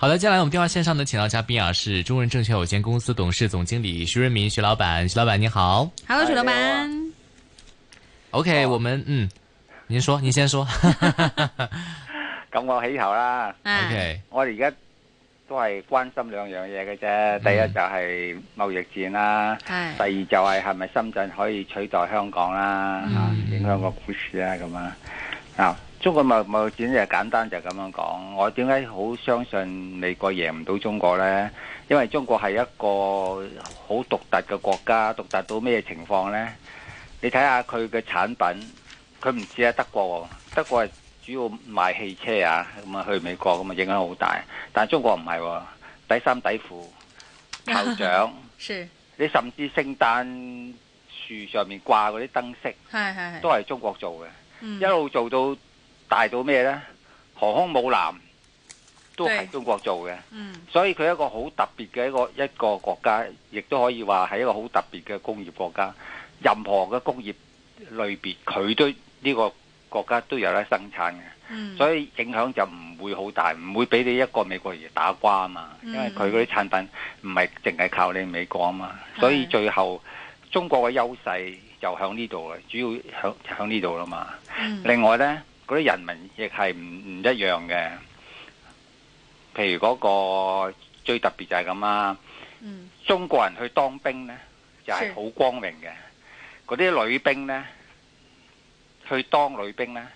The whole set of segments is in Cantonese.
好的，接下來我們電話線上能請到嘉賓啊，是中潤證券有限公司董事總經理徐潤民徐老闆，徐老闆，徐老闆你好，Hello，徐老闆，OK，、oh. 我們嗯，您說，您先說，咁 我起頭啦，OK，, okay. 我哋而家都係關心兩樣嘢嘅啫，mm. 第一就係貿易戰啦、啊，mm. 第二就係係咪深圳可以取代香港啦、啊 mm. 啊，影響個股市啊咁啊，嗱。No. 中國貿易戰就簡單就咁樣講。我點解好相信美國贏唔到中國呢？因為中國係一個好獨特嘅國家，獨特到咩情況呢？你睇下佢嘅產品，佢唔似喺德國喎。德國係主要賣汽車啊，咁啊去美國咁啊影響好大。但係中國唔係喎，底衫底褲、頭獎， 是你甚至聖誕樹上面掛嗰啲燈飾，都係中國做嘅，是是是嗯、一路做到。大到咩呢？航空母艦都係中國做嘅，嗯、所以佢一個好特別嘅一個一個國家，亦都可以話係一個好特別嘅工業國家。任何嘅工業類別，佢都呢、呢個國家都有得生產嘅，嗯、所以影響就唔會好大，唔會俾你一個美國人打瓜啊嘛。因為佢嗰啲產品唔係淨係靠你美國啊嘛，嗯、所以最後的中國嘅優勢就喺呢度啦，主要喺喺呢度啦嘛。嗯、另外呢。嗰啲人民亦係唔唔一樣嘅，譬如嗰個最特別就係咁啦。嗯，中國人去當兵呢，就係好光榮嘅。嗰啲女兵呢，去當女兵呢，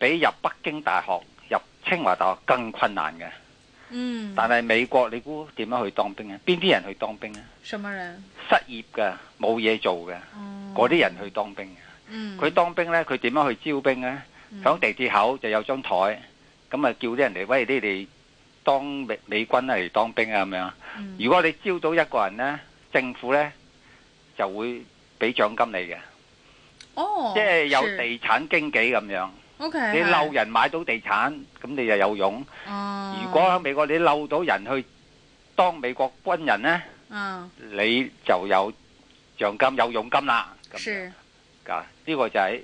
比入北京大學、入清華大學更困難嘅。嗯。但係美國，你估點樣去當兵啊？邊啲人去當兵啊？什麼人？失業嘅，冇嘢做嘅，嗰啲人去當兵。嗯。佢當兵呢，佢點樣去招兵呢？響地鐵口就有張台，咁啊叫啲人嚟，喂，你哋當美美軍啊，嚟當兵啊咁樣。如果你招到一個人呢，政府呢就會俾獎金你嘅。哦，即係有地產經紀咁樣。O K。你溜人買到地產，咁你就有佣。哦。如果喺美國你溜到人去當美國軍人呢，嗯，你就有獎金有佣金啦。是。咁，呢個就係。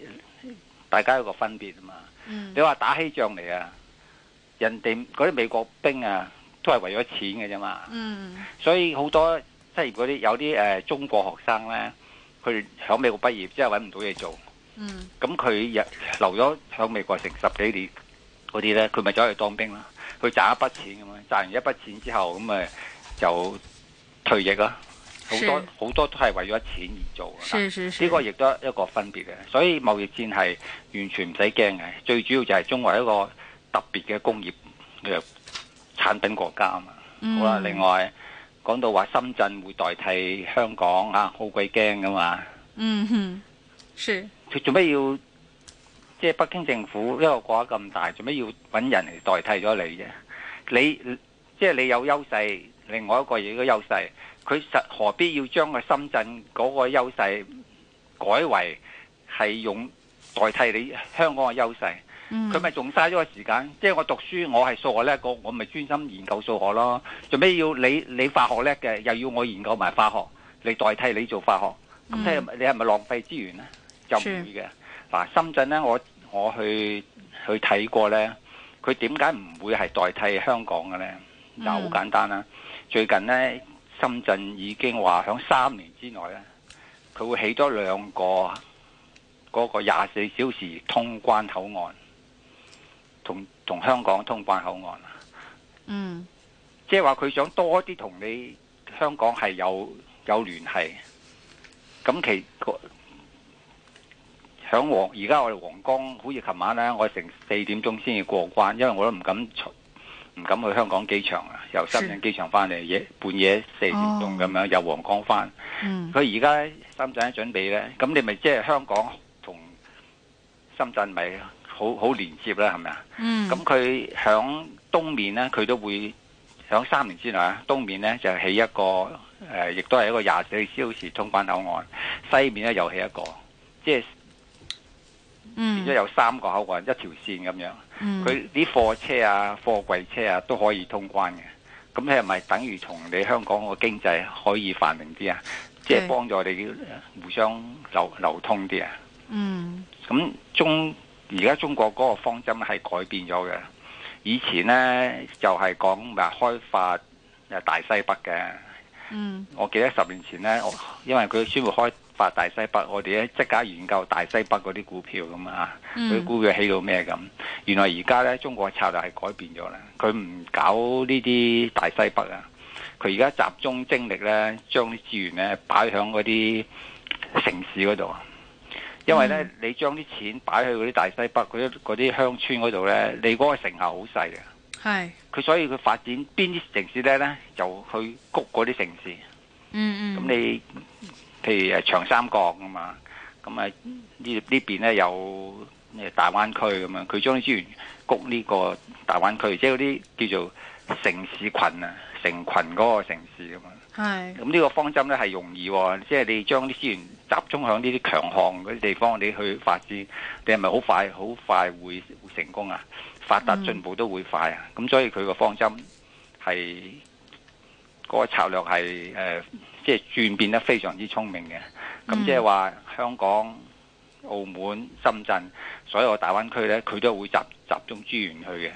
大家有個分別啊嘛，嗯、你話打起仗嚟啊，人哋嗰啲美國兵啊，都係為咗錢嘅啫嘛，嗯、所以好多即係如果啲有啲誒、呃、中國學生咧，佢響美國畢業之後揾唔到嘢做，咁佢、嗯、留咗響美國成十幾年嗰啲咧，佢咪走去當兵啦，佢賺一筆錢咁樣，賺完一筆錢之後咁咪就，就退役咯。好多好是多都係為咗錢而做，呢個亦都係一個分別嘅。所以貿易戰係完全唔使驚嘅，最主要就係中國係一個特別嘅工業嘅產品國家啊嘛。嗯、好啦，另外講到話深圳會代替香港啊，好鬼驚噶嘛。嗯哼，是。做咩要即係、就是、北京政府一個國家咁大，做咩要揾人嚟代替咗你啫？你即係、就是、你有優勢。另外一個嘢嘅優勢，佢實何必要將個深圳嗰個優勢改為係用代替你香港嘅優勢？佢咪仲嘥咗個時間？即係我讀書，我係數學叻個，我咪專心研究數學咯。做咩要你你化學叻嘅又要我研究埋化學嚟代替你做化學？咁即係你係咪浪費資源呢？就唔會嘅。嗱、嗯啊，深圳呢，我我去去睇過呢，佢點解唔會係代替香港嘅呢？嗱、嗯，好簡單啦。最近呢，深圳已經話喺三年之內呢，佢會起多兩個嗰個廿四小時通關口岸，同同香港通關口岸啊。嗯，即係話佢想多啲同你香港係有有聯繫。咁其個響黃而家我哋皇崗，好似琴晚呢，我成四點鐘先至過關，因為我都唔敢。唔敢去香港機場啊！由深圳機場翻嚟，夜半夜四點鐘咁樣，Oh. 由黃江翻。佢而家深圳準備呢？咁你咪即係香港同深圳咪好好連接啦？係咪啊？咁佢響東面呢，佢都會響三年之內啊，東面呢，就起一個誒，亦都係一個廿四小時通關口岸。西面咧又起一個，即係。嗯，變咗有三個口岸一條線咁樣，佢啲貨車啊、貨櫃車啊都可以通關嘅。咁你係咪等於同你香港個經濟可以繁榮啲啊？是即係幫助你哋互相流流通啲啊。嗯，咁中而家中國嗰個方針係改變咗嘅。以前呢，就係講話開發誒大西北嘅。嗯，mm. 我記得十年前呢，我因為佢宣布開發大西北，我哋咧即刻研究大西北嗰啲股票咁啊，佢估佢、mm. 股起到咩咁？原來而家呢中國策略係改變咗啦，佢唔搞呢啲大西北啊，佢而家集中精力呢，將啲資源呢擺喺嗰啲城市嗰度，因為呢，mm. 你將啲錢擺去嗰啲大西北嗰啲啲鄉村嗰度呢，你嗰個成效好細嘅。係，佢是所以佢發展邊啲城市咧？咧就去谷嗰啲城市。嗯嗯。咁你譬如誒長三角啊嘛，咁啊呢呢邊咧有誒大灣區咁樣，佢將啲資源谷呢個大灣區，即係嗰啲叫做城市群啊，成群嗰個城市咁啊。係是。咁呢個方針咧係容易喎、哦，即係你將啲資源集中喺呢啲強項嗰啲地方，你去發展，你係咪好快好快會成功啊？發達進步都會快啊！咁所以佢個方針係嗰、那個策略係誒，即、呃、係、就是、轉變得非常之聰明嘅。咁即係話香港、澳門、深圳所有大灣區呢，佢都會集集中資源去嘅。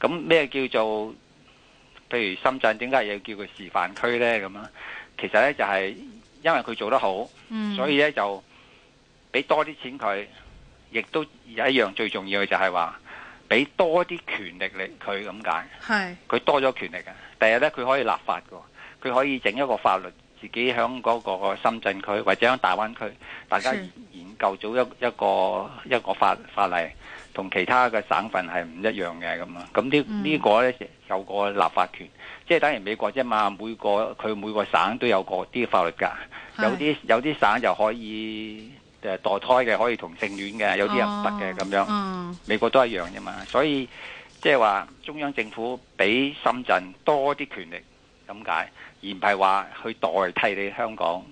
咁咩叫做？譬如深圳點解要叫佢示範區呢？咁啊，其實呢就係因為佢做得好，所以呢就俾多啲錢佢。亦都有一樣最重要嘅就係話，俾多啲權力你，佢咁解，佢是多咗權力啊！第二咧，佢可以立法嘅，佢可以整一個法律，自己喺嗰個深圳區或者喺大灣區，大家研究咗一一個是一個法法例，同其他嘅省份係唔一樣嘅咁啊！咁呢呢個咧有個立法權，即係等於美國啫嘛，每個佢每個省都有個啲法律㗎，有啲是有啲省就可以。誒墮胎嘅，可以同性戀嘅，有啲人唔得嘅咁樣，oh, um. 美國都一樣啫嘛，所以即係話中央政府俾深圳多啲權力，咁解，而唔係話去代替你香港，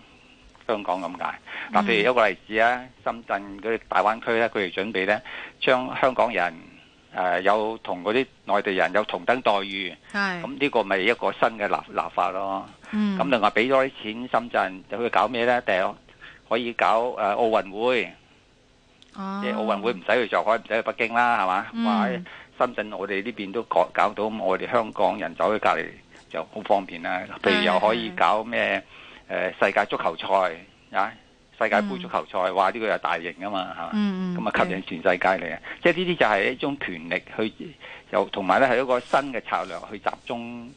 香港咁解。嗱，譬如一個例子啊，mm. 深圳嗰啲大灣區咧，佢哋準備咧將香港人誒、呃、有同嗰啲內地人有同等待遇，咁呢 Yes. 個咪一個新嘅立立法咯。咁、mm. 另外俾多啲錢深圳，就去搞咩呢？掉。可以搞誒、呃、奧運會，即、oh. 奧運會唔使去上海，唔使去北京啦，係嘛？話、mm. 深圳，我哋呢邊都搞搞到，我哋香港人走去隔離就好方便啦。譬如又可以搞咩誒、呃、世界足球賽啊，世界盃足球賽，話呢、mm. 呢個又大型啊嘛，嚇，咁啊、mm hmm. 吸引全世界嚟啊！Okay. 即呢啲就係一種權力去，又同埋咧係一個新嘅策略去集中。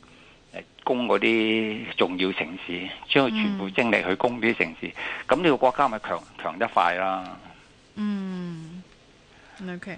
供嗰啲重要城市，將佢全部精力去供啲城市，咁呢、嗯、個國家咪強強得快啦。嗯，OK。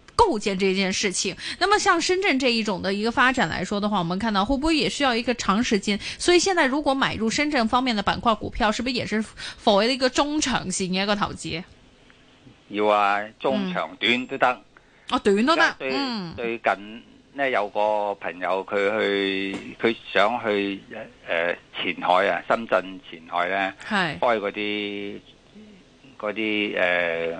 構建這件事情，那麼像深圳這一種的一個發展來說的話，我們看到會不會也需要一個長時間？所以現在如果買入深圳方面的板塊股票，是不是也是放喺呢個中長線嘅一個投資？要啊，中長短都得。哦、嗯啊，短都得。嗯，最近呢有個朋友佢去佢想去誒、呃、前海啊，深圳前海咧是開嗰啲嗰啲誒。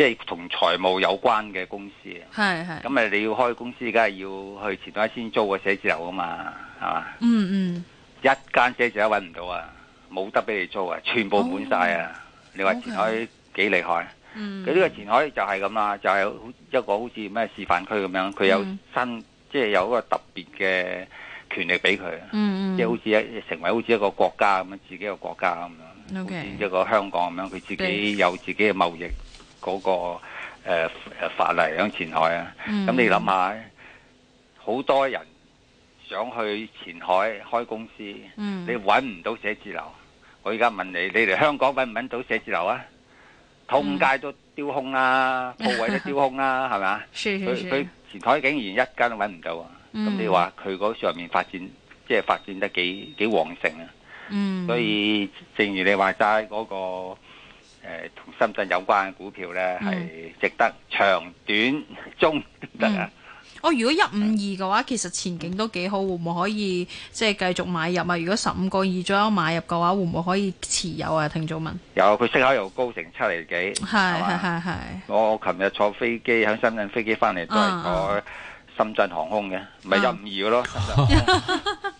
即係同財務有關嘅公司，係係咁誒。你要開公司，梗係要去前海先租個寫字樓啊嘛，係嘛、嗯？嗯嗯。一間寫字樓揾唔到啊，冇得俾你租啊，全部滿晒啊！哦、你話前海幾 okay, 厲害？佢呢、嗯、個前海就係咁啦，就係、是、一個好似咩示範區咁樣，佢有新、嗯、即係有一個特別嘅權力俾佢，即係、嗯嗯、好似一成為好似一個國家咁樣，自己個國家咁樣，okay, 好似一個香港咁樣，佢自己有自己嘅貿易。嗯嗰、那個誒、呃、法例響前海啊，咁、嗯、你諗下，好多人想去前海開公司，嗯、你揾唔到寫字樓。我而家問你，你哋香港揾唔揾到寫字樓啊？通街都丟空啦，嗯、鋪位都丟空啦，係咪啊？佢佢前海竟然一間都揾唔到啊！咁、嗯、你話佢嗰上面發展，即、就、係、是、發展得幾幾旺盛啊？嗯、所以正如你話齋嗰個。誒同深圳有關嘅股票咧，係、嗯、值得長短中得、嗯、 啊！我、哦、如果一五二嘅話，其實前景都幾好，會唔會可以即係繼續買入啊？如果十五個二左右買入嘅話，會唔會可以持有啊？聽早問，有佢息口又高成七釐幾，係係係。我琴日坐飛機喺深圳飛機翻嚟都係坐深圳航空嘅，咪就係一五二嘅咯。啊啊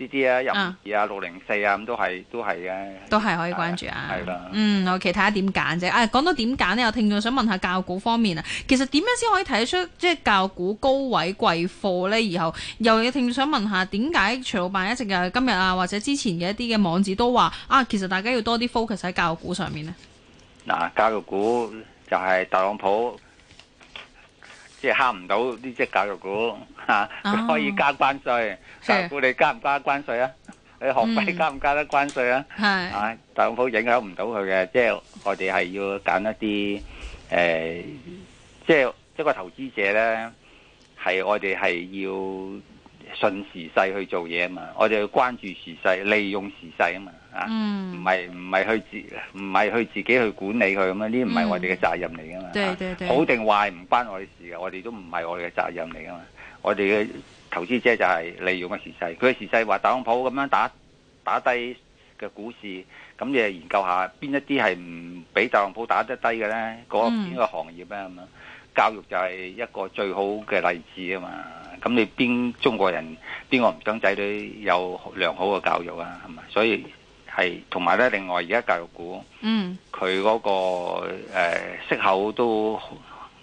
呢啲啊，廿二啊，六零四啊，咁都係都係嘅，都係、啊、可以關注啊，係啦、啊，嗯，okay，睇下啊、我其他點揀啫？誒，講到點揀呢？有聽眾想問下教育股方面啊，其實點樣先可以睇得出即係教育股高位貴貨呢？然後又有聽眾想問下，點解徐老闆一直又今日啊，或者之前嘅一啲嘅網址都話啊，其實大家要多啲 focus 喺教育股上面呢。嗱、啊，教育股就係特朗普，即係慳唔到呢隻教育股嚇。啊啊、可以加關稅，政府的你加唔加關稅啊？你學費加唔加得關稅啊？嗯、啊，特朗普影響唔到佢嘅，即係我哋係要揀一啲誒、呃，即係一個投資者咧，係我哋係要順時勢去做嘢啊嘛，我哋要關注時勢，利用時勢啊嘛。啊，唔係唔係去自唔係去自己去管理佢咁、嗯、啊？呢啲唔係我哋嘅責任嚟噶嘛？對對對，好定壞唔關我哋事嘅，我哋都唔係我哋嘅責任嚟噶嘛。我哋嘅投資者就係利用嘅時勢，佢時勢話特朗普咁樣打打低嘅股市，咁你研究下邊一啲係唔俾特朗普打得低嘅咧？嗰、那、邊、個嗯、個行業咧咁啊？教育就係一個最好嘅例子啊嘛。咁你邊中國人邊個唔想仔女有良好嘅教育啊？係咪？所以。係，同埋咧，另外而家教育股，嗯，佢嗰個誒息口都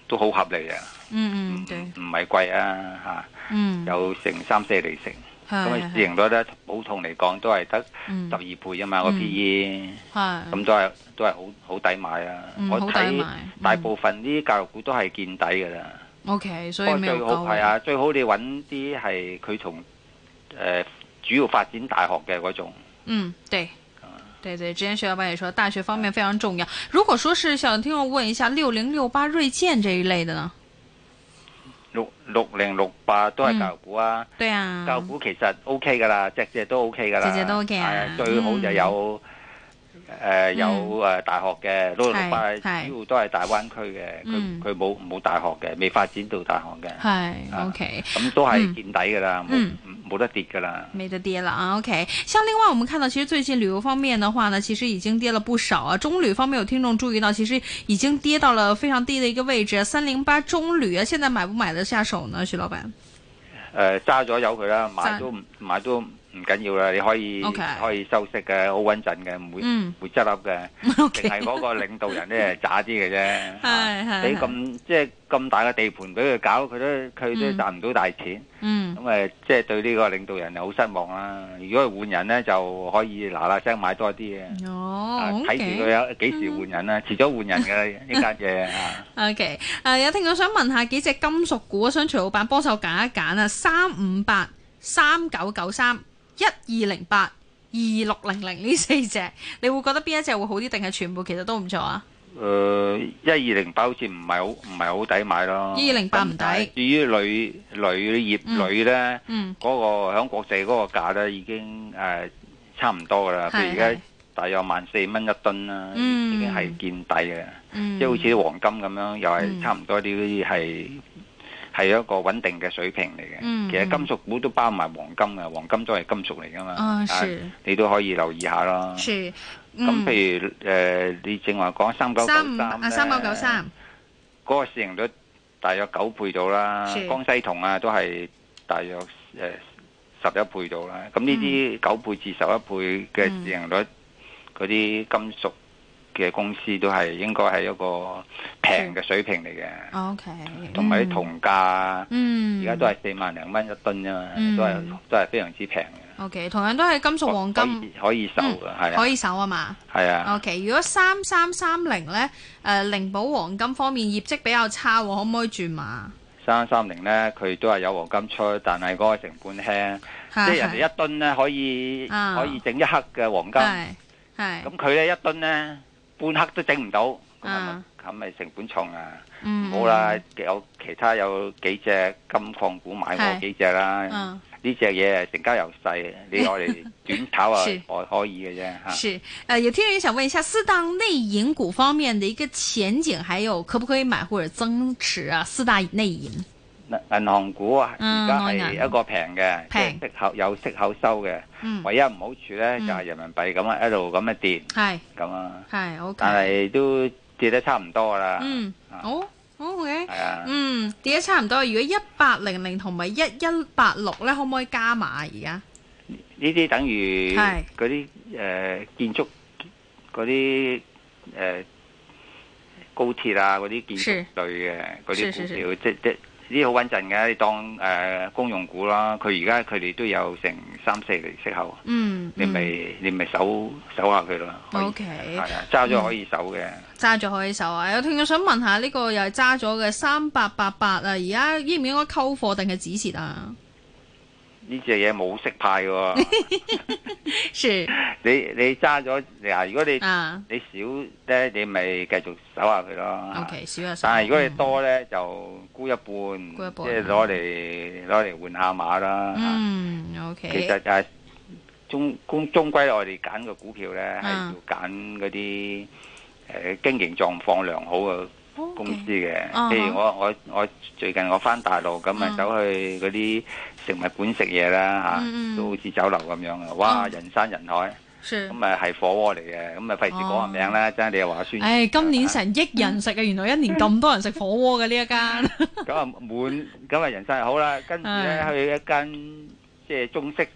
都好合理嘅，嗯嗯，唔係貴啊吓，嗯，有成三四厘成。咁啊市盈率咧，普通嚟講都係得十二倍啊嘛個 P E，咁都係都係好好抵買啊，我睇大部分呢啲教育股都係見底噶啦，O K，所以不過最好係啊，最好你揾啲係佢從誒主要發展大學嘅嗰種，嗯，對。對對，之前薛老闆也說大學方面非常重要。如果說是想聽我問一下六零六八瑞建這一類的呢？六六零六八都係教育股啊，對啊，教股其實 OK 噶啦，只只都 OK 噶啦，只只都 OK 啊。最好就有誒有誒大學嘅六六八，主要都係大灣區嘅，佢佢冇冇大學嘅，未發展到大學嘅，係 OK，咁都係見底噶啦。冇得跌噶啦，冇得跌啦啊！OK，像另外我們看到，其實最近旅遊方面的話呢，其實已經跌了不少啊。中旅方面有聽眾注意到，其實已經跌到了非常低的一個位置，啊，三零八中旅啊，現在買不買得下手呢？徐老闆，誒揸咗有佢啦，買都算買都。買都唔緊要啦，你可以可以收息嘅，好穩陣嘅，唔會唔會執笠嘅。淨係嗰個領導人咧係渣啲嘅啫。係係你咁即係咁大嘅地盤俾佢搞，佢都佢都賺唔到大錢。嗯，咁誒即係對呢個領導人又好失望啦。如果係換人咧，就可以嗱嗱聲買多啲嘅。哦，睇住佢有幾時換人啦，遲早換人嘅呢間嘢。O K，誒，有聽眾想問下幾隻金屬股啊？想徐老闆幫手揀一揀啊！三五八、三九九三。一二零八、二六零零呢四隻，你會覺得邊一隻會好啲，定係全部其實都唔錯啊？誒、呃，一二零八好似唔係好唔係好抵買咯。二零八唔抵。20 8 至於鋁鋁業鋁咧，嗰、嗯嗯、個響國際嗰個價咧已經誒差唔多噶啦。譬如而家大概有萬四蚊一噸啦，已經係見底嘅。嗯、即係好似啲黃金咁樣，又係、嗯、差唔多啲係，係一個穩定嘅水平嚟嘅。嗯、其實金屬股都包埋黃金嘅，黃金都係金屬嚟噶嘛、啊啊，你都可以留意下咯。咁、嗯、譬如誒、呃，你正話講三九九三咧，嗰、啊、個市盈率大約九倍到啦，是江西銅啊都係大約誒十一倍到啦。咁呢啲九倍至十一倍嘅市盈率嗰啲、嗯、金屬。嘅公司都係應該係一個平嘅水平嚟嘅，OK，同埋啲同價，嗯，而家都係四萬零蚊一噸啫嘛，都係都係非常之平嘅。OK，同樣都係金屬黃金可以收嘅，係可以收啊嘛，係啊。OK，如果三三三零咧，誒，靈寶黃金方面業績比較差，可唔可以轉馬？三三零咧，佢都係有黃金出，但係嗰個成本輕，即係人哋一噸咧可以可以整一克嘅黃金，係咁佢咧一噸咧，半黑都整唔到，咁咪、啊、成本重啊！唔、嗯、好啦，有其，其他有幾隻金礦股買過幾隻啦。呢隻嘢成交又細，你攞嚟轉炒啊， 是我可以嘅啫嚇。啊、是，呃，有聽人想問一下四大內銀股方面嘅一個前景，還有可唔可以買或者增持啊？四大內銀。銀行股啊，而家係一個平嘅，平息口有息口收嘅。唯一唔好處咧，就係人民幣咁啊，一路咁樣跌，咁啊，但係都跌得差唔多啦。嗯，好，OK。係啊，嗯，跌得差唔多。如果一八零零同埋一一八六咧，可唔可以加埋？而家呢啲等於嗰啲誒建築嗰啲誒高鐵啊，嗰啲建築類嘅嗰啲股票，即即。啲好穩陣嘅，你當誒、呃、公用股啦。佢而家佢哋都有成三四厘息口，嗯嗯、你咪你咪守守下佢咯。O K，係啊，揸咗可以守嘅。揸咗可以守啊！我聽日想問下呢個又係揸咗嘅三八八八啊！而家應唔應該溝貨定係止蝕啊？呢隻嘢冇息派喎，你你揸咗嗱，如果你你少咧，你咪繼續守下佢咯。O、okay, K，少但係如果你多咧，嗯、就沽一半，即係攞嚟攞嚟換下碼啦。嗯，O K。Okay、其實啊，中公終歸我哋揀個股票咧，係要揀嗰啲誒經營狀況良好嘅。公司嘅，譬如我我我最近我翻大陸咁咪走去嗰啲食物館食嘢啦嚇，都好似酒樓咁樣啊！哇，人山人海，咁咪係火鍋嚟嘅，咁咪費事講個名啦，真係你又話孫。誒，今年成億人食嘅，原來一年咁多人食火鍋嘅呢一間。咁啊滿，咁啊人山，好啦，跟住咧去一間即係中式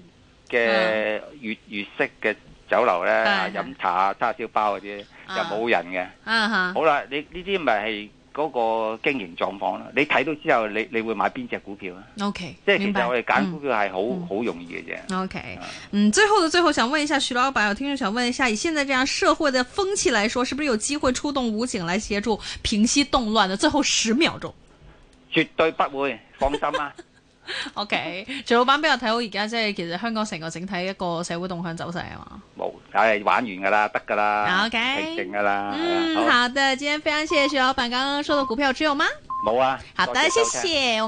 嘅粵粵式嘅，酒樓咧，飲、uh, 茶啊，叉燒包嗰啲又冇人嘅。嗯、uh huh. 好啦，你呢啲咪係嗰個經營狀況咯。你睇到之後，你你會買邊隻股票啊？O K，即係其實我哋揀股票係好好容易嘅啫。嗯、o、okay. K，嗯，最後的最後，想問一下徐老板，有聽眾想問一下，以現在這樣社會嘅風氣來說，是不是有機會出動武警來協助平息動亂的最後十秒鐘？絕對不會，放心啦、啊。 O.K. 徐 老闆俾我睇好而家即係其實香港成個整體一個社會動向走勢啊嘛？冇，梗、哎、係玩完噶啦，得噶啦，平定噶啦。嗯，好，好的，今天非常謝謝徐老闆剛剛收到股票持有嗎？冇啊。好的，謝，謝謝。